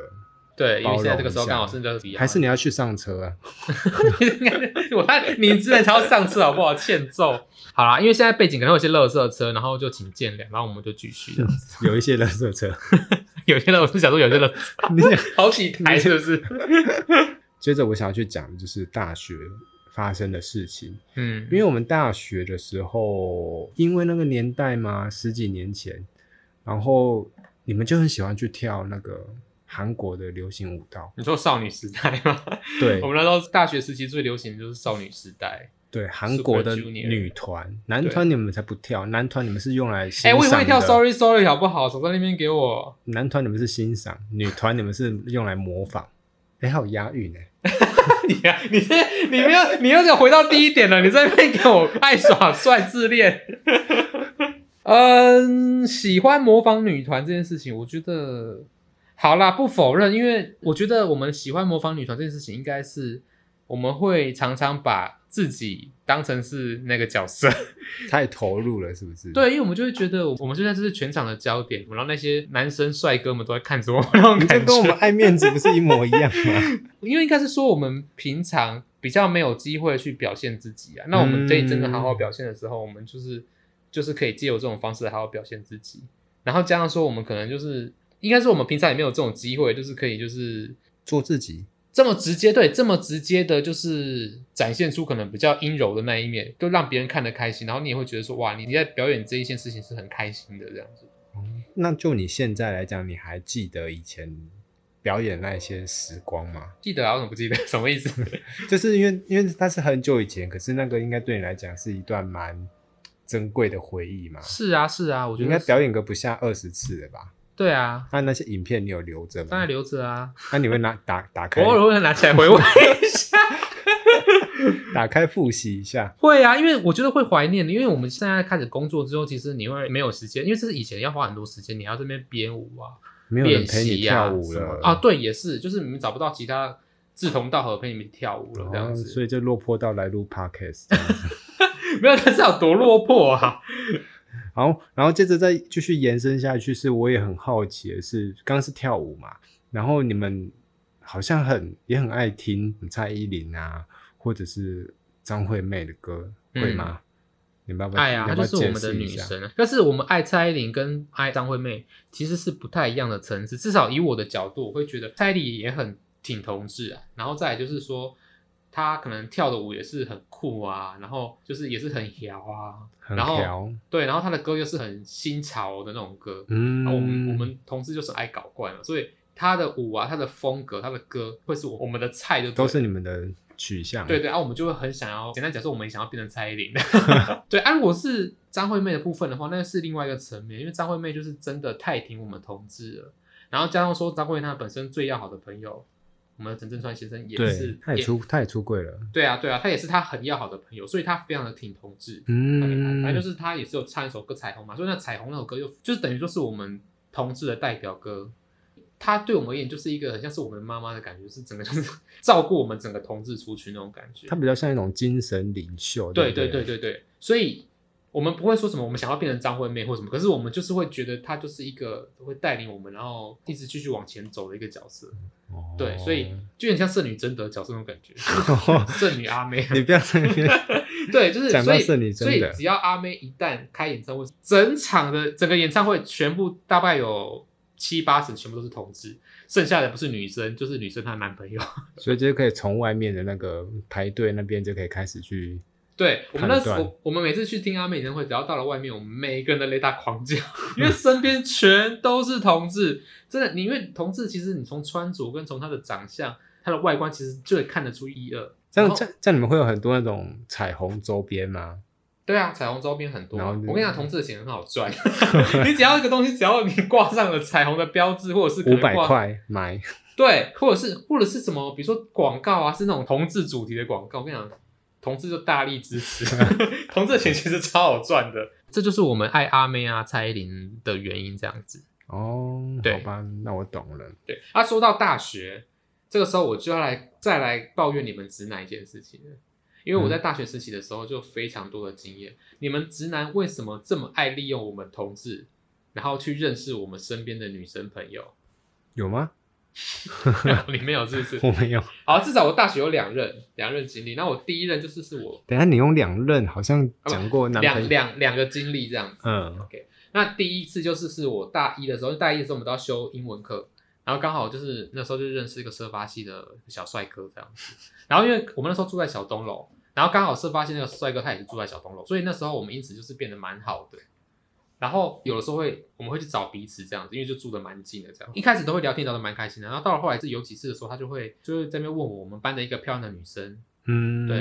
對，因為現在這個時候剛好是這還是你要去上車、啊？我 看 你之前才要上車好不好？欠揍！好啦，因為現在背景可能有些垃圾車，然後就請見諒，然後我們就繼續。有一些垃圾車， 有些人我是想說，有些人 你 好幾台是不是？接着我想要去講的就是大學發生的事情。嗯，因為我們大學的時候，因為那個年代嘛，十幾年前。然後你們就很喜歡去跳那個韓國的流行舞蹈。你說少女時代嗎？對，我們那時候大學時期最流行的就是少女時代。對，韓國的女團、男團你們才不跳，男團你們是用來欣賞的。哎、欸，我會跳，Sorry Sorry，好不好？手在那邊給我。男團你們是欣賞，女團你們是用來模仿。哎、 欸，還有押韻哎、欸 啊！你呀，你先，你要你又又回到第一點了， 你在那邊給我愛耍帥、自戀。 嗯，喜歡模仿女團這件事情，我覺得好啦，不否認，因為我覺得我們喜歡模仿女團這件事情，應該是我們會常常把自己當成是那個角色，太投入了，是不是？對，因為我們就會覺得，我們現在這是全場的焦點，然後那些男生帥哥們都在看着我們，然後跟我們愛面子不是一模一樣嗎？ 因為應該是說我們平常比較沒有機會去表現自己啊，那我們這一陣真的好好表現的時候，嗯、我們就是。就是可以借由這種方式好好表現自己，然後加上說我們可能就是應該是我們平常也沒有這種機會，就是可以就是做自己這麼直接對，這麼直接的，就是展現出可能比較陰柔的那一面，就讓別人看得開心，然後你也會覺得說，哇，你你在表演這一件事情是很開心的這樣子。嗯，那就你現在來講，你還記得以前表演那些時光嗎？記得啊，我怎麼不記得？什麼意思？ 就是因為因為那是很久以前，可是那個應該對你來講是一段蠻。珍貴的回憶嘛，是啊是啊，我覺得應該表演個不下二十次的吧。對啊，那、啊、那些影片你有留着嗎？當然留着啊，那、啊、你會拿打打開？ 我偶爾拿起來回味一下， 打開複習一, 一下。會啊，因為我覺得會懷念的，因為我們現在開始工作之後，其實你會沒有時間，因為這是以前要花很多時間，你要這邊編舞啊，練習啊，跳舞了啊，對，也是，就是你們找不到其他志同道合陪你們跳舞了、哦、這樣子，所以就落魄到來錄 podcast。 沒有，他是有多落魄啊！然 後，然後接着再繼續延伸下去，是我也很好奇的是，剛，剛是跳舞嘛，然後你們好像很也很愛聽蔡依林啊，或者是張惠妹的歌，會嗎？嗯、你們愛啊，她、哎、就是我們的女神、啊。但是我們愛蔡依林跟愛張惠妹其實是不太一樣的層次，至少以我的角度，我會覺得蔡依林也很挺同志啊。然後再來就是說。他可能跳的舞也是很酷啊，然後就是也是很搖啊，很搖，對，然後他的歌又是很新潮的那種歌。嗯，我們我們同志就是愛搞怪了，所以他的舞啊，他的風格，他的歌，會是我，我們的菜，就都是你們的取向。對對啊，我們就會很想要簡單講說，我們也想要變成蔡依林。 對啊，如果是張惠妹的部分的話，那是另外一個層面，因為張惠妹就是真的太挺我們同志了，然後加上說張惠妹她本身最要好的朋友。我們的陳鎮川先生也是，他也出也他也出櫃了。對啊，對啊，他也是他很要好的朋友，所以他非常的挺同志。嗯，反正就是他也是有唱一首歌《彩虹》嘛，所以那《彩虹》那首歌又就是等於說是我們同志的代表歌。他對我們而言就是一個很像是我們媽媽的感覺，就是整個就是照顧我們整個同志出去那種感覺。他比較像一種精神領袖。對對對，對對對對，所以。我們不會說什麼，我們想要變成張惠妹或什麼，可是我們就是會覺得她就是一個會帶領我們，然後一直繼續往前走的一個角色，哦、對，所以就很像聖女貞德的角色那種感覺、哦，聖女阿妹，你不要爭辯， 講到聖女貞德 對，就是所以所以只要阿妹一旦開演唱會，整場的整個演唱會全部大概有七八成全部都是同志，剩下的不是女生就是女生她的男朋友，所以就可以從外面的那個排隊那邊就可以開始去。對我們那時候，我們每次去聽阿妹演唱會，只要到了外面，我們每一個人的雷達狂叫，因為身邊全都是同志。 真的，你因為同志，其實你從穿着跟從他的長相、他的外觀，其實就會看得出一二。這樣，這樣，這樣你們會有很多那種彩虹周邊嗎？對啊，彩虹周邊很多。我跟你講，同志的錢很好賺， 你只要一個東西，只要你掛上了彩虹的標誌，或者是五百塊買，My. 對，或者是或者是什麼，比如說廣告啊，是那種同志主題的廣告。我跟你講。同志就大力支持， 同志的錢其實超好賺的， 這就是我們愛阿妹啊、蔡依林的原因，這樣子哦好吧。對，那我懂了。對，啊，說到大學，這個時候我就要來再來抱怨你們直男一件事情了，因為我在大學時期的時候就非常多的經驗、嗯，你們直男為什麼這麼愛利用我們同志，然後去認識我們身邊的女生朋友，有嗎？ 你沒有是不是？ 我沒有。好，至少我大學有兩任，兩任經歷。那我第一任就是是我。等一下你用兩任好像講過兩兩兩個經歷這樣子。嗯。OK。那第一次就是是我大一的時候，就是、大一的時候我們都要修英文課，然後剛好就是那時候就認識一個社巴系的小帥哥這樣子。然後因為我們那時候住在小東樓，然後剛好社巴系那個帥哥他也是住在小東樓，所以那時候我們因此就是變得蠻好的。然後有的時候會，我們會去找彼此這樣子，因為就住的蠻近的，這樣子一開始都會聊天聊的蠻開心的。然後到了後來是有幾次的時候，他就會就會在那邊問我我們班的一個漂亮的女生，嗯，對，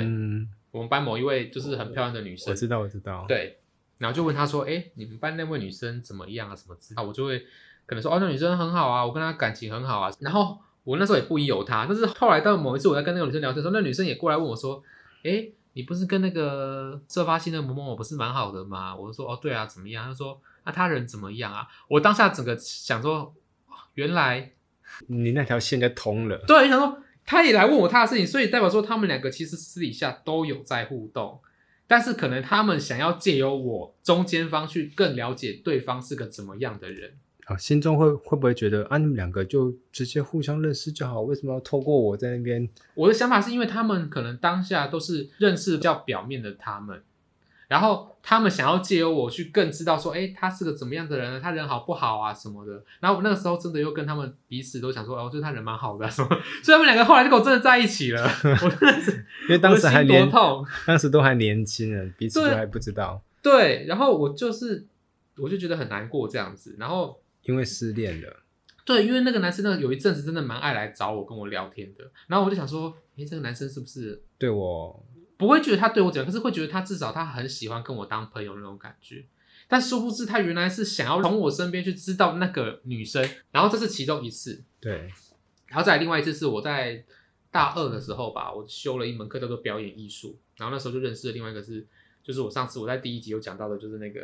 我們班某一位就是很漂亮的女生，我，我知道我知道，對，然後就問他說，哎、欸，你們班那位女生怎麼樣啊？什麼字然後我就會可能說，哦，那女生很好啊，我跟她感情很好啊。然後我那時候也不疑有他。但是後來到某一次我在跟那個女生聊天的時候，那女生也過來問我說，哎、欸。你不是跟那個社發系的某某某不是蠻好的嗎？我就說哦，對啊，怎麼樣？他就說那、啊、他人怎麼樣啊？我當下整個想說，原來你那條線應該通了。對，就想說他也來問我他的事情，所以代表說他們兩個其實私底下都有在互動，但是可能他們想要借由我中間方去更了解對方是個怎麼樣的人。心中會會不會覺得啊？你們兩個就直接互相認識就好，為什麼要透過我在那邊？我的想法是因為他們可能當下都是認識比較表面的他們，然後他們想要借由我去更知道說，哎，他是個怎麼樣的人呢，他人好不好啊什麼的。然後我那個時候真的又跟他們彼此都想說，哦，我覺得他人蠻好的啊，什麼的。所以他們兩個後來就跟我真的在一起了。 我因為當時還年，當時都還年輕人，彼此都還不知道。對，對，然後我就是我就覺得很難過這樣子，然後。因為失戀了，對，因為那個男生呢，有一陣子真的蠻愛來找我跟我聊天的，然後我就想說，誒、欸，這個男生是不是對我不會覺得他對我怎樣，可是會覺得他至少他很喜歡跟我當朋友那種感覺，但殊不知他原來是想要從我身邊去知道那個女生。然後這是其中一次，對，然後再另外一次是我在大二的時候吧，我修了一門課叫做表演藝術，然後那時候就認識了另外一個是，是就是我上次我在第一集有講到的，就是那個。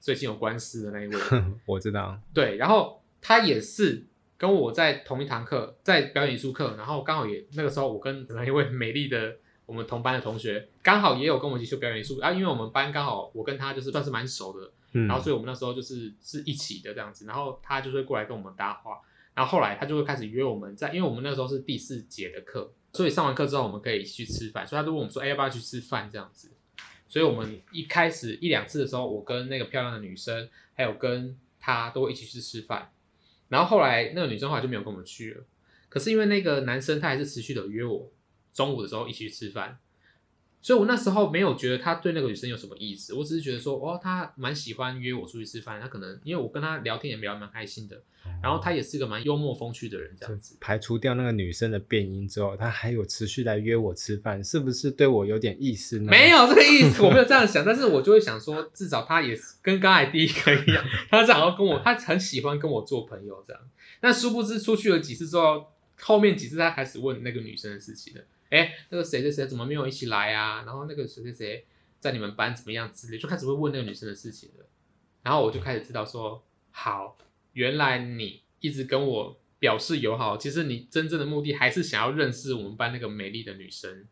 最近有官司的那一位呵呵，我知道。對，然後他也是跟我在同一堂課，在表演藝術課，然後剛好也那個時候，我跟那一位美麗的我們同班的同學，剛好也有跟我一起修表演藝術啊，因為我們班剛好我跟他就是算是蠻熟的，嗯，然後所以我們那時候就是是一起的這樣子，然後他就會過來跟我們搭話，然後後來他就會開始約我們在，因為我們那時候是第四節的課，所以上完課之後我們可以去吃飯，所以他都問我們說，哎、欸，要不要去吃飯這樣子。所以我們一開始一兩次的時候，我跟那個漂亮的女生，還有跟她都一起去吃飯，然後後來那個女生好像就沒有跟我們去了，可是因為那個男生他還是持續的約我，中午的時候一起去吃飯。所以，我那時候沒有覺得他對那個女生有什麼意思，我只是覺得說，哦，他蠻喜歡約我出去吃飯。他可能因為我跟他聊天也聊得蠻開心的，然後他也是個蠻幽默風趣的人，這樣子。排除掉那個女生的變因之後，他還有持續來約我吃飯，是不是對我有點意思？沒有這個意思，我沒有這樣想。 但是我就會想說，至少他也是跟剛才第一個一樣，他想要跟我，他很喜歡跟我做朋友這樣。但殊不知，出去了幾次之後，後面幾次他開始問那個女生的事情了。哎、欸，那個誰誰誰怎麼沒有一起來啊？然後那個誰誰誰在你們班怎麼樣之類，就開始會問那個女生的事情了。然後我就開始知道說，好，原來你一直跟我表示友好，其實你真正的目的還是想要認識我們班那個美麗的女生。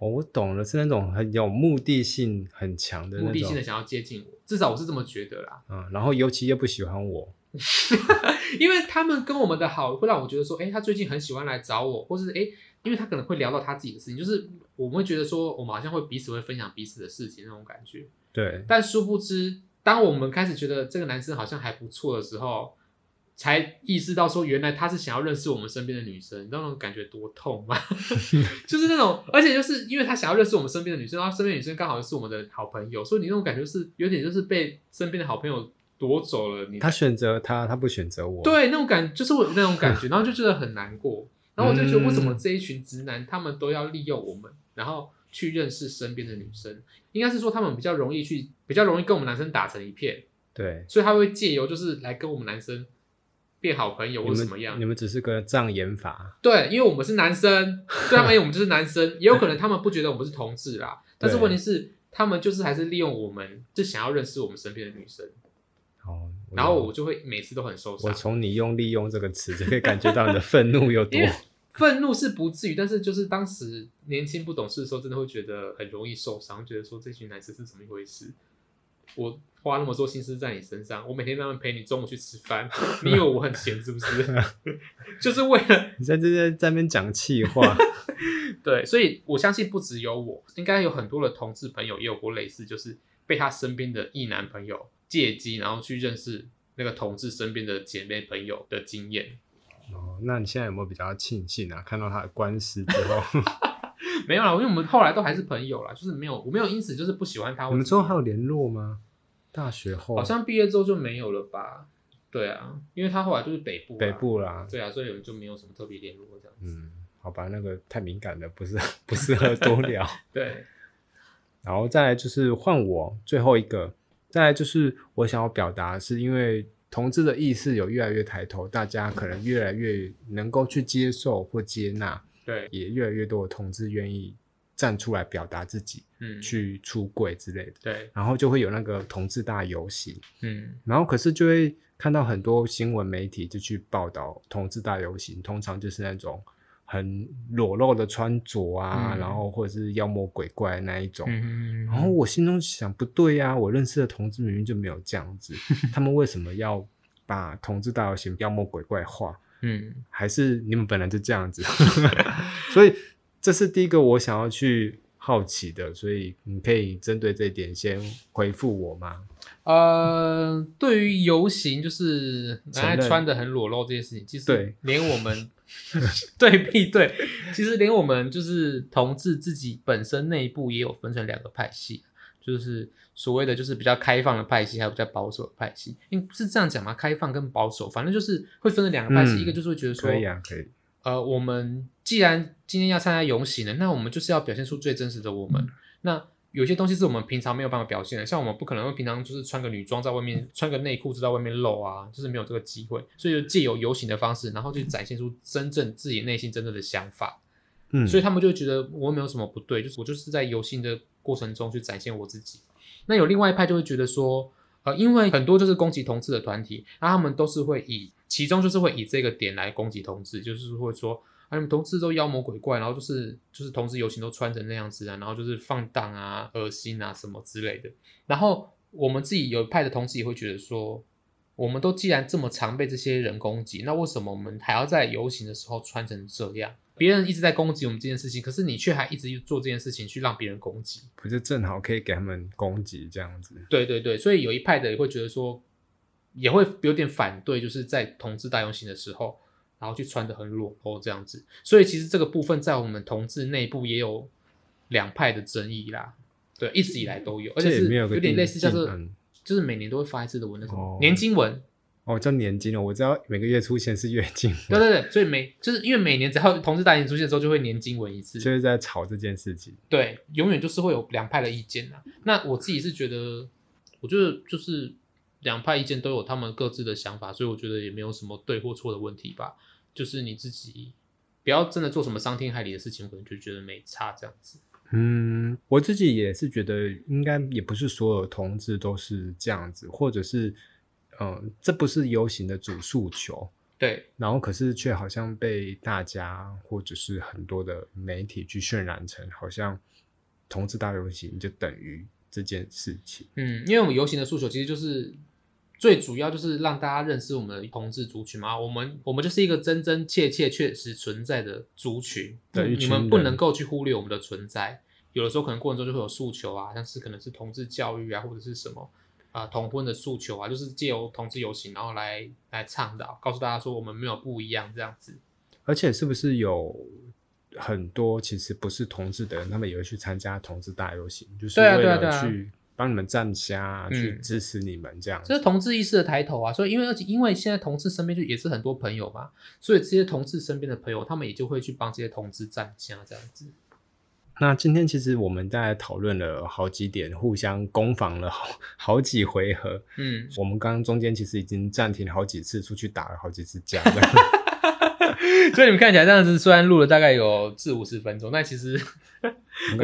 哦，我懂了，是那種很有目的性很強的，目的性的想要接近我。至少我是這麼覺得啦。嗯，然後尤其又不喜歡我， 因為他們跟我們的好會讓我覺得說，哎、欸，他最近很喜歡來找我，或是哎。欸因為他可能會聊到他自己的事情，就是我們會覺得說，我們好像會彼此會分享彼此的事情那種感覺。對。但殊不知，當我們開始覺得這個男生好像還不錯的時候，才意識到說，原來他是想要認識我們身邊的女生。你知道那種感覺多痛嗎？ 就是那種，而且就是因為他想要認識我們身邊的女生，然後身邊的女生剛好是我們的好朋友，所以你那種感覺是有點就是被身邊的好朋友奪走了你。你他選擇他，他不選擇我。對，那種感就是我那種感覺，然後就覺得很難過。 然後我就覺得，為什麼這一群直男他們都要利用我們，然後去認識身邊的女生？應該是說他們比較容易去，比較容易跟我們男生打成一片。對，所以他會借由就是來跟我們男生變好朋友，或什麼樣你？你們只是個障眼法。對，因為我們是男生，雖然我們就是男生， 也有可能他們不覺得我們是同志啦。但是問題是，他們就是還是利用我們，就想要認識我們身邊的女生。好。然後我就會每次都很受傷。我從你用“利用”這個詞，就會感覺到你的憤怒有多 憤怒是不至於，但是就是當時年輕不懂事的時候，真的會覺得很容易受傷，覺得說，這群男生是怎麼一回事？我花那麼多心思在你身上，我每天在那陪你中午去吃飯，你以為我很閒是不是？ 就是為了你在這邊在在那邊講氣話。 對，所以我相信不只有我，應該有很多的同志朋友也有過類似，就是被他身邊的異男朋友，借機，然後去認識那個同志身邊的姐妹朋友的經驗。哦，那你現在有沒有比較慶幸啊？看到他的官司之後， 沒有啦，因為我們後來都還是朋友啦，就是沒有，我沒有因此就是不喜歡他。我們之後還有聯絡嗎？大學後好像畢業之後就沒有了吧？對啊，因為他後來就是北部、啊，北部啦，對啊，所以我們就沒有什麼特別聯絡這樣。嗯，好吧，那個太敏感了，不是，不適合多聊。 對，然後再來就是換我最後一個。再來就是我想要表達，是因為同志的意識有越來越抬頭，大家可能越來越能夠去接受或接納，對，也越來越多的同志願意站出來表達自己，嗯，去出櫃之類的，嗯，對，然後就會有那個同志大遊行，嗯，然後可是就會看到很多新聞媒體就去報道同志大遊行，通常就是那種。很裸露的穿着啊、嗯，然後或者是妖魔鬼怪那一種、嗯，然後我心中想，不對啊、嗯，我認識的同志明明就沒有這樣子、嗯，他們為什麼要把同志大遊行妖魔鬼怪化？嗯，還是你們本來就這樣子？嗯、 所以這是第一個我想要去。好奇的，所以你可以針對這一點先回復我嗎？呃，對於遊行就是承認穿的很裸露這件事情，其實連我們對比 對，必對，其實連我們就是同志自己本身內部也有分成兩個派系，就是所謂的就是比較開放的派系，還有比較保守的派系，因為是這樣講嘛，開放跟保守，反正就是會分成兩個派系、嗯，一個就是會覺得說可以啊，可以。呃，我們既然今天要參加遊行呢，那我們就是要表現出最真實的我們。嗯。那有些東西是我們平常沒有辦法表現的，像我們不可能會平常就是穿個女裝在外面，穿個內褲在外面露啊，就是沒有這個機會。所以就借由遊行的方式，然後去展現出真正自己內心真正的想法。嗯，所以他們就會覺得我沒有什麼不對，就是我就是在遊行的過程中去展現我自己。那有另外一派就會覺得說，呃，因為很多就是攻擊同志的團體，那、啊、他們都是會以。其中就是會以這個點來攻擊同志，就是會說，啊，你們同志都妖魔鬼怪，然後就是就是同志遊行都穿成那樣子啊，然後就是放蕩啊、噁心啊什麼之類的。然後我們自己有一派的同志也會覺得說，我們都既然這麼常被這些人攻擊，那為什麼我們還要在遊行的時候穿成這樣？別人一直在攻擊我們這件事情，可是你却還一直做這件事情去讓別人攻擊，不是正好可以給他們攻擊這樣子？對對對，所以有一派的也會覺得說。也會有點反對，就是在同志大遊行，的時候，然後去穿的很裸露、哦，這樣子，所以其實這個部分在我們同志內部也有兩派的爭議啦。對，一直以來都有，而且是有點類似像是，就是每年都會發一次的文，那什麼年經文。哦，叫哦，年經哦，我知道每個月出現是月經。對對對，所以每就是因為每年只要同志大遊行出現的時候，就會年經文一次。就是在吵這件事情。對，永遠就是會有兩派的意見啦。那我自己是覺得，我覺得就是。兩派意見都有他們各自的想法，所以我覺得也沒有什麼對或錯的問題吧。就是你自己不要真的做什麼傷天害理的事情，可能就覺得沒差這樣子。嗯，我自己也是覺得應該也不是所有同志都是這樣子，或者是嗯、呃，這不是遊行的主訴求。對、嗯，然後可是卻好像被大家或者是很多的媒體去渲染成好像同志大遊行就等於這件事情。嗯，因為我們遊行的訴求其實就是。最主要就是讓大家認識我們的同志族群嘛，我們我們就是一個真真切切，確實存在的族群，對，你們不能夠去忽略我們的存在。有的時候可能過程中就會有訴求啊，像是可能是同志教育啊，或者是什麼啊，同婚的訴求啊，就是借由同志遊行，然後來來倡導，告訴大家說我們沒有不一樣這樣子。而且是不是有很多其實不是同志的人，他們也會去參加同志大遊行，就是為了去、啊。幫你們站下，去支持你們這樣子，嗯，這是同志意識的抬頭啊。所以，因為因為現在同志身邊就也是很多朋友嘛，所以這些同志身邊的朋友，他們也就會去幫這些同志站下這樣子。那今天其實我們大家討論了好幾點，互相攻防了好，好幾回合。嗯，我們剛剛中間其實已經暫停了好幾次，出去打了好幾次架。 所以你們看起來這樣子，雖然錄了大概有四五十分鐘，但其實，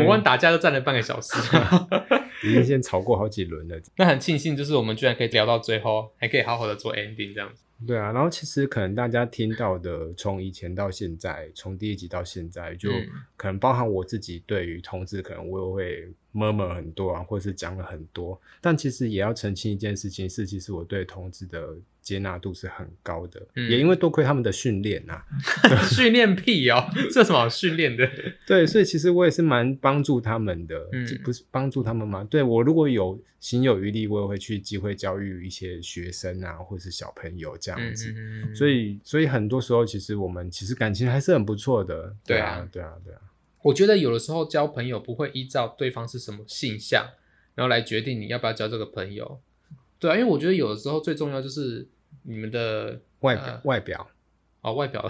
光、嗯、打架都站了半個小時了、嗯嗯，已經先吵過好幾輪了。 那很慶幸，就是我們居然可以聊到最後，還可以好好的做 ending 這樣子。對啊，然後其實可能大家聽到的，從以前到現在，從第一集到現在，就可能包含我自己對於同志，可能我也會 murmur 很多啊，或是講了很多，但其實也要澄清一件事情，是其實我對同志的。接納度是很高的，嗯、也因為多虧他們的訓練啊。訓練 屁哦， 這有什麼好訓練的？對，所以其實我也是蠻幫助他們的，嗯、不是幫助他們嗎？對，我如果有心有餘力，我也會去機會教育一些學生啊，或者是小朋友這樣子、嗯哼哼。所以，所以很多時候其實我們其實感情還是很不錯的。對啊、對啊。對啊，對啊，對啊。我覺得有的時候交朋友不會依照對方是什麼性向，然後來決定你要不要交這個朋友。對啊，因為我覺得有的時候最重要就是。你們的外表、呃，外表，哦，外表，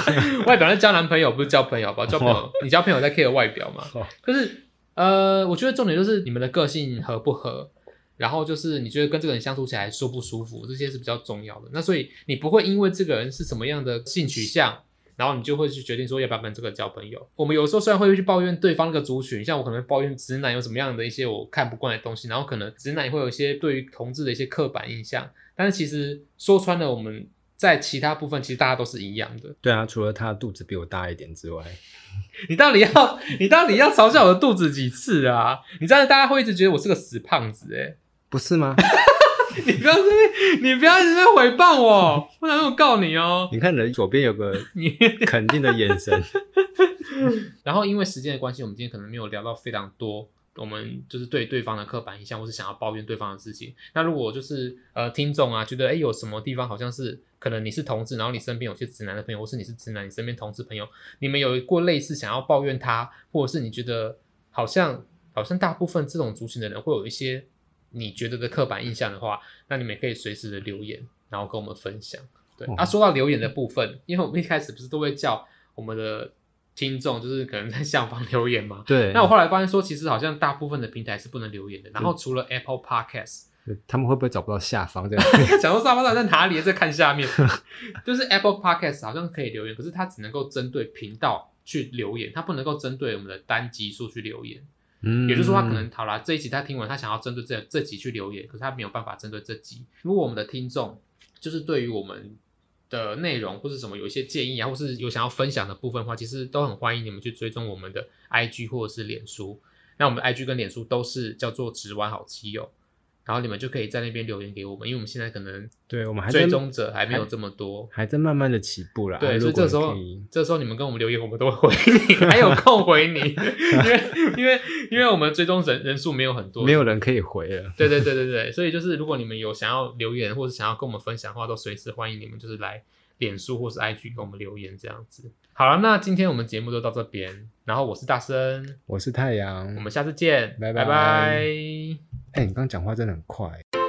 外表。那交男朋友不是交朋友吧？交朋友， 你交朋友在 care 外表嘛？可 是，呃，我覺得重點就是你們的個性合不合，然後就是你覺得跟這個人相處起來舒不舒服，這些是比較重要的。那所以你不會因為這個人是什麼樣的性取向，然後你就會去決定說要不要跟這個交朋友。我們有時候雖然會去抱怨對方那個族群，像我可能抱怨直男有什麼樣的一些我看不慣的東西，然後可能直男也會有一些對於同志的一些刻板印象。但是其實說穿了，我們在其他部分其實大家都是一樣的。對啊，除了他的肚子比我大一點之外， 你到底要你到底要嘲笑我的肚子幾次啊？你這樣大家會一直覺得我是個死胖子誒、欸、不是嗎？ 你不要，你不要一直在誹謗我，不 然我能告你哦。你看人左邊有個你肯定的眼神， 然後因為時間的關係，我們今天可能沒有聊到非常多。我們就是對對方的刻板印象，或是想要抱怨對方的事情。那如果就是呃，聽眾啊，覺得誒、欸、有什麼地方好像是可能你是同志，然後你身邊有些直男的朋友，或是你是直男，你身邊同志朋友，你們有過類似想要抱怨他，或者是你覺得好像好像大部分這種族群的人會有一些你覺得的刻板印象的話，那你們也可以隨時的留言，然後跟我們分享。對、嗯，啊，說到留言的部分，因為我們一開始不是都會叫我們的。聽眾就是可能在下方留言嘛？對。那我後來發現說，其實好像大部分的平台是不能留言的。然後除了 Apple Podcast，對，他們會不會找不到下方這樣？講到下方在在哪裡， 在看下面，就是 Apple Podcast 好像可以留言，可是它只能夠針對頻道去留言，它不能夠針對我們的單集數去留言。嗯。也就是說，他可能好啦，這一集他聽完，他想要針對這這集去留言，可是他沒有辦法針對這集。如果我們的聽眾就是對於我們。的內容，或是什麼有一些建議啊，或是有想要分享的部分的話，其實都很歡迎你們去追蹤我們的 IG 或者是臉書。那我們的 IG 跟臉書都是叫做直玩好基友。然後你們就可以在那邊留言給我們，因為我們現在可能對我們追蹤者還沒有這麼多還還，還在慢慢的起步啦。對，啊、以所以這時候這時候你們跟我們留言，我們都會回你， 還有空回你， 因為 因為因為我們追蹤人人數沒有很多，沒有人可以回了。對對對對對，所以就是如果你們有想要留言或者想要跟我們分享的話，都隨時歡迎你們，就是來臉書或是 IG 給我們留言這樣子。好了，那今天我們節目就到這邊，然後我是大森，我是太陽，我們下次見，拜拜。Bye bye 哎、欸，你剛剛講話真的很快欸。